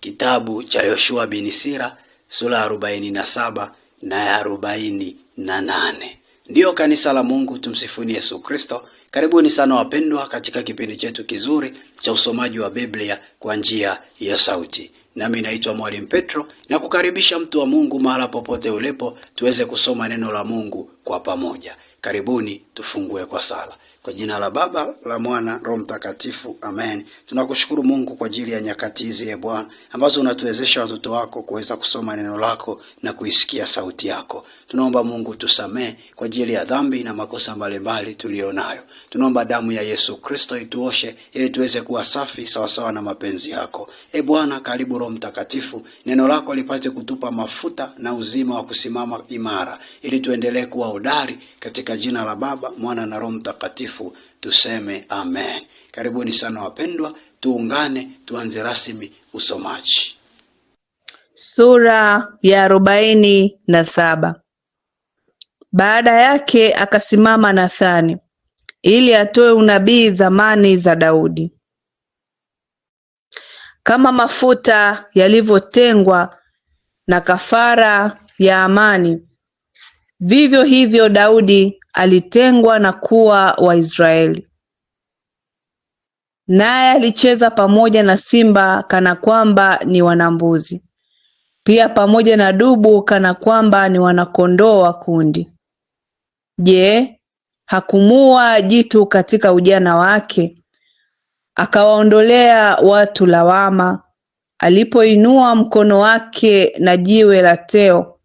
Kitabu cha Yoshua bin Sira sura ya arobaini na saba na ya arobaini na nane. Ndiyo kanisa la Mungu, tumsifuni Yesu Kristo. Karibuni sana wapendwa, katika kipindi chetu kizuri cha usomaji wa Biblia kwa njia ya sauti. Nami naitwa Mwalimu Petro na kukaribisha mtu wa Mungu mahala popote ulipo, tuweze kusoma neno la Mungu kwa pamoja. Karibuni tufungue kwa sala. Kwa jina la Baba la Mwana Roho Mtakatifu, amen. Tunakushukuru Mungu kwa ajili ya nyakati hizi, e Bwana, ambazo unatuwezesha watoto wako kuweza kusoma neno lako na kuisikia sauti yako. Tunaomba Mungu tusamee kwa ajili ya dhambi na makosa mbalimbali tuliyonayo. Tunaomba damu ya Yesu Kristo ituoshe ili tuweze kuwa safi sawasawa na mapenzi yako. E Bwana, karibu Roho Mtakatifu, neno lako lipate kutupa mafuta na uzima wa kusimama imara, ili tuendelee kuwa hodari katika katika jina la Baba, Mwana na Roho Mtakatifu, tuseme amen. Karibuni sana wapendwa, tuungane tuanze rasmi usomaji sura ya arobaini na saba. Baada yake akasimama Nathani ili atoe unabii zamani za Daudi, kama mafuta yalivyotengwa na kafara ya amani Vivyo hivyo Daudi alitengwa na kuwa Waisraeli naye alicheza pamoja na simba kana kwamba ni wanambuzi, pia pamoja na dubu kana kwamba ni wanakondoo wa kundi. Je, hakumua jitu katika ujana wake, akawaondolea watu lawama, alipoinua mkono wake na jiwe la teo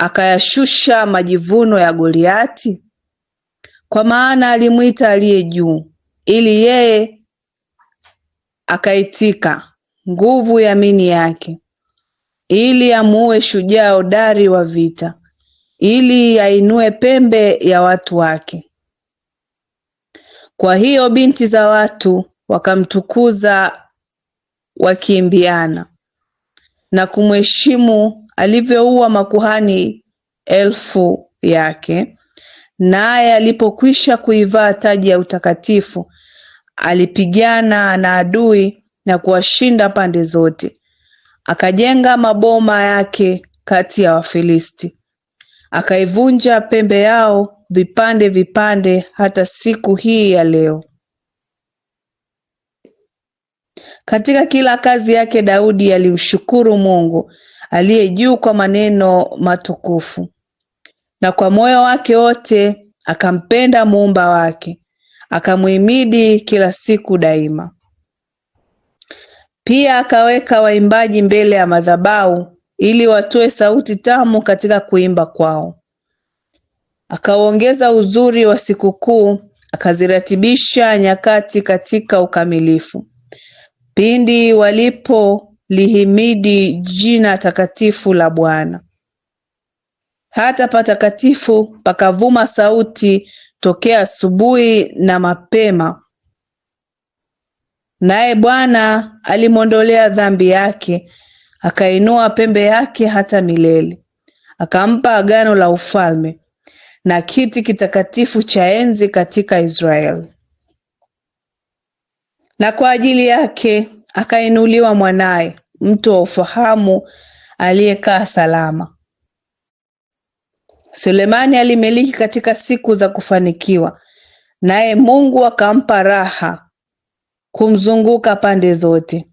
akayashusha majivuno ya Goliati? Kwa maana alimwita aliye juu, ili yeye akaitika nguvu ya mini yake, ili amuue shujaa hodari wa vita, ili ainue pembe ya watu wake. Kwa hiyo binti za watu wakamtukuza wakiimbiana na kumheshimu alivyoua makuhani elfu yake naye alipokwisha kuivaa taji ya utakatifu alipigana na adui na kuwashinda pande zote, akajenga maboma yake kati ya Wafilisti, akaivunja pembe yao vipande vipande, hata siku hii ya leo. Katika kila kazi yake Daudi alimshukuru Mungu aliye juu kwa maneno matukufu, na kwa moyo wake wote akampenda muumba wake, akamuhimidi kila siku daima. Pia akaweka waimbaji mbele ya madhabahu ili watoe sauti tamu katika kuimba kwao. Akaongeza uzuri wa sikukuu, akaziratibisha nyakati katika ukamilifu. Pindi walipo lihimidi jina takatifu la Bwana. Hata patakatifu pakavuma sauti tokea asubuhi na mapema, naye Bwana alimwondolea dhambi yake, akainua pembe yake hata milele, akampa agano la ufalme na kiti kitakatifu cha enzi katika Israeli. Na kwa ajili yake akainuliwa mwanaye, mtu wa ufahamu aliyekaa salama. Sulemani alimiliki katika siku za kufanikiwa, naye Mungu akampa raha kumzunguka pande zote,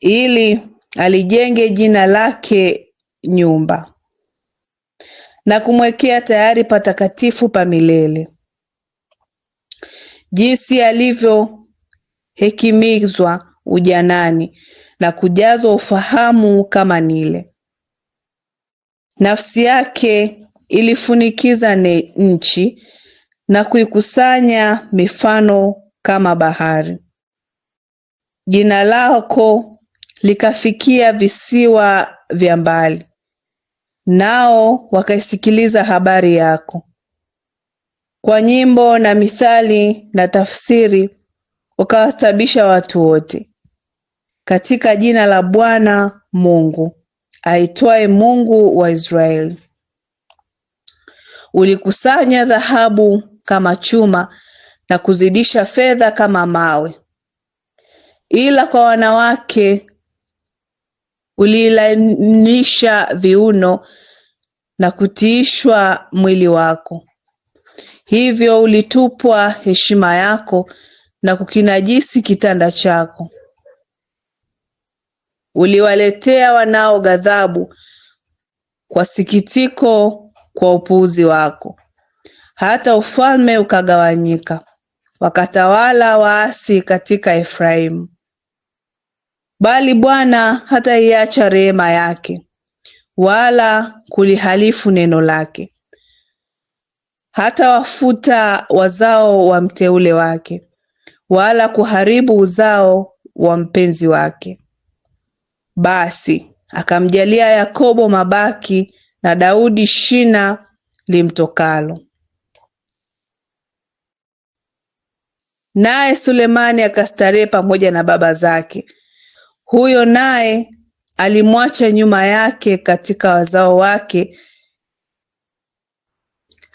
ili alijenge jina lake nyumba na kumwekea tayari patakatifu pa milele. Jinsi alivyohekimizwa ujanani na kujazwa ufahamu kama Nile. Nafsi yake ilifunikiza ne nchi na kuikusanya mifano kama bahari. Jina lako likafikia visiwa vya mbali, nao wakaisikiliza habari yako. Kwa nyimbo na mithali na tafsiri ukawastabisha watu wote katika jina la Bwana Mungu aitwaye Mungu wa Israeli. Ulikusanya dhahabu kama chuma na kuzidisha fedha kama mawe, ila kwa wanawake ulilainisha viuno na kutiishwa mwili wako. Hivyo ulitupwa heshima yako na kukinajisi kitanda chako. Uliwaletea wanao ghadhabu kwa sikitiko kwa upuuzi wako, hata ufalme ukagawanyika, wakatawala waasi katika Efraimu. Bali Bwana hataiacha rehema yake, wala kulihalifu neno lake. Hatawafuta wazao wa mteule wake, wala kuharibu uzao wa mpenzi wake. Basi akamjalia Yakobo mabaki na Daudi shina limtokalo. Naye Sulemani akastarehe pamoja na baba zake. Huyo naye alimwacha nyuma yake katika wazao wake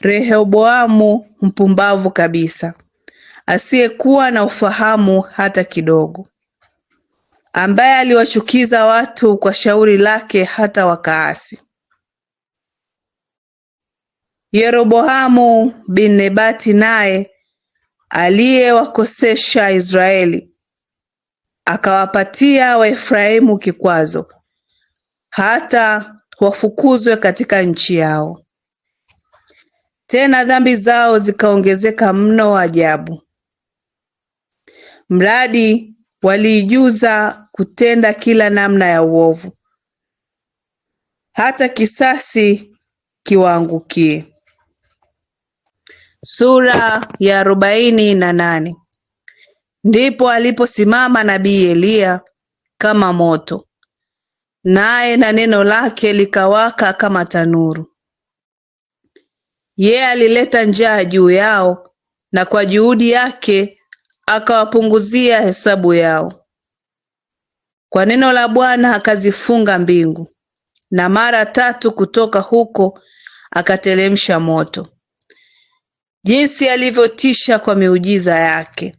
Rehoboamu mpumbavu kabisa, asiyekuwa na ufahamu hata kidogo ambaye aliwachukiza watu kwa shauri lake hata wakaasi Yeroboamu bin Nebati naye aliyewakosesha Israeli akawapatia Waefraimu kikwazo hata wafukuzwe katika nchi yao. Tena dhambi zao zikaongezeka mno ajabu, mradi waliijuza kutenda kila namna ya uovu, hata kisasi kiwaangukie. Sura ya arobaini na nane. Ndipo aliposimama nabii Eliya kama moto, naye na neno lake likawaka kama tanuru. Yeye alileta njaa juu yao, na kwa juhudi yake akawapunguzia hesabu yao. Kwa neno la Bwana akazifunga mbingu, na mara tatu kutoka huko akateremsha moto. Jinsi alivyotisha kwa miujiza yake!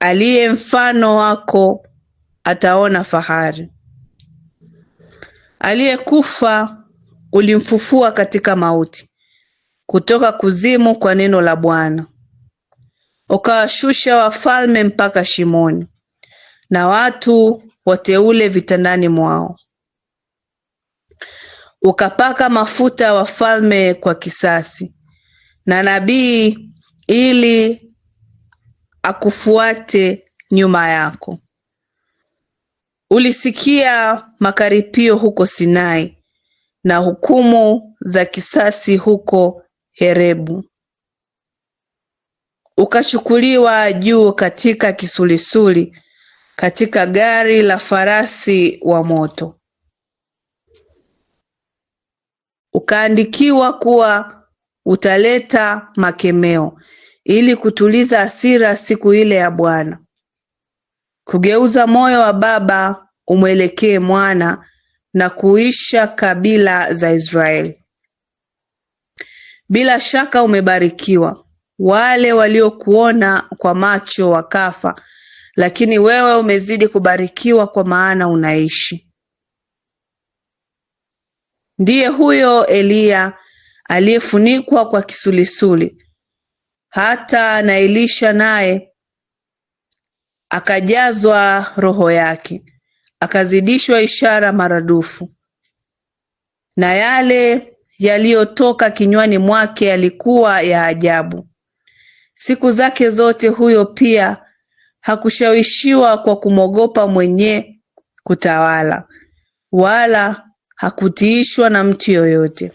Aliye mfano wako ataona fahari. Aliyekufa ulimfufua katika mauti, kutoka kuzimu, kwa neno la Bwana ukawashusha wafalme mpaka shimoni, na watu wateule vitandani mwao. Ukapaka mafuta wafalme kwa kisasi, na nabii ili akufuate nyuma yako. Ulisikia makaripio huko Sinai na hukumu za kisasi huko Herebu ukachukuliwa juu katika kisulisuli katika gari la farasi wa moto, ukaandikiwa kuwa utaleta makemeo ili kutuliza hasira siku ile ya Bwana, kugeuza moyo wa baba umwelekee mwana na kuisha kabila za Israeli. Bila shaka umebarikiwa wale waliokuona kwa macho wakafa, lakini wewe umezidi kubarikiwa kwa maana unaishi. Ndiye huyo Eliya aliyefunikwa kwa kisulisuli, hata na Elisha naye akajazwa roho yake, akazidishwa ishara maradufu, na yale yaliyotoka kinywani mwake yalikuwa ya ajabu. Siku zake zote huyo pia hakushawishiwa kwa kumwogopa mwenye kutawala, wala hakutiishwa na mtu yoyote.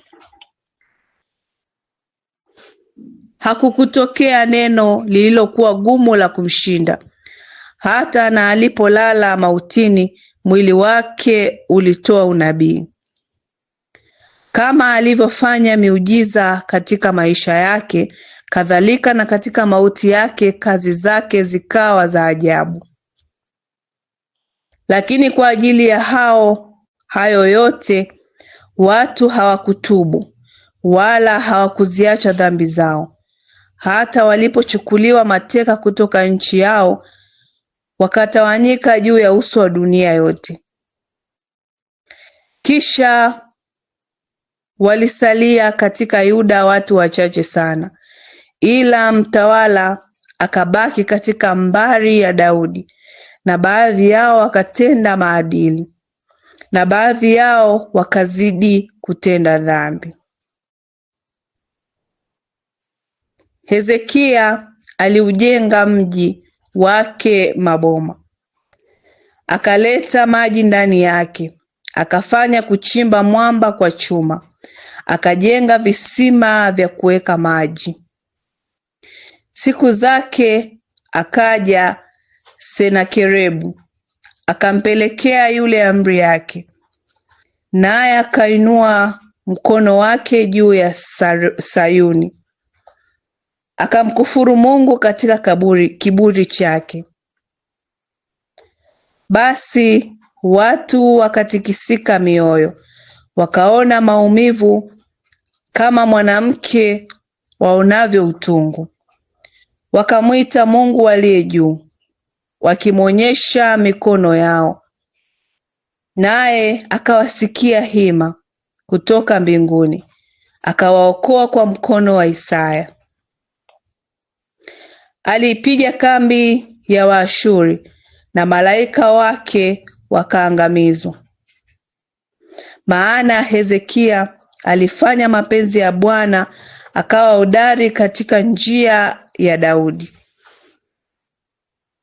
Hakukutokea neno lililokuwa gumu la kumshinda, hata na alipolala mautini mwili wake ulitoa unabii, kama alivyofanya miujiza katika maisha yake Kadhalika na katika mauti yake kazi zake zikawa za ajabu. Lakini kwa ajili ya hao hayo yote watu hawakutubu wala hawakuziacha dhambi zao, hata walipochukuliwa mateka kutoka nchi yao, wakatawanyika juu ya uso wa dunia yote. Kisha walisalia katika Yuda watu wachache sana Ila mtawala akabaki katika mbari ya Daudi na baadhi yao wakatenda maadili na baadhi yao wakazidi kutenda dhambi. Hezekia aliujenga mji wake maboma, akaleta maji ndani yake, akafanya kuchimba mwamba kwa chuma, akajenga visima vya kuweka maji Siku zake akaja senakerebu akampelekea yule amri yake, naye akainua mkono wake juu ya Sayuni akamkufuru Mungu katika kaburi, kiburi chake. Basi watu wakatikisika mioyo, wakaona maumivu kama mwanamke waonavyo utungu wakamwita Mungu aliye juu wakimwonyesha mikono yao, naye akawasikia hima kutoka mbinguni, akawaokoa kwa mkono wa Isaya. Aliipiga kambi ya Waashuri na malaika wake wakaangamizwa. Maana Hezekia alifanya mapenzi ya Bwana, akawa hodari katika njia ya Daudi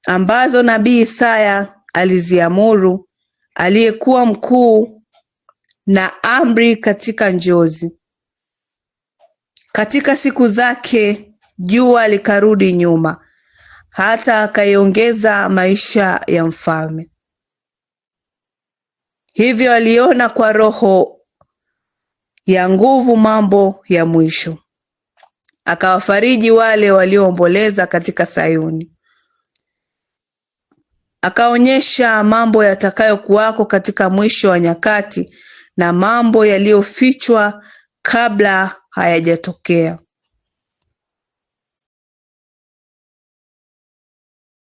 ambazo nabii Isaya aliziamuru aliyekuwa mkuu na amri katika njozi. Katika siku zake jua likarudi nyuma, hata akaiongeza maisha ya mfalme. Hivyo aliona kwa roho ya nguvu mambo ya mwisho akawafariji wale walioomboleza katika Sayuni akaonyesha mambo yatakayokuwako katika mwisho wa nyakati na mambo yaliyofichwa kabla hayajatokea.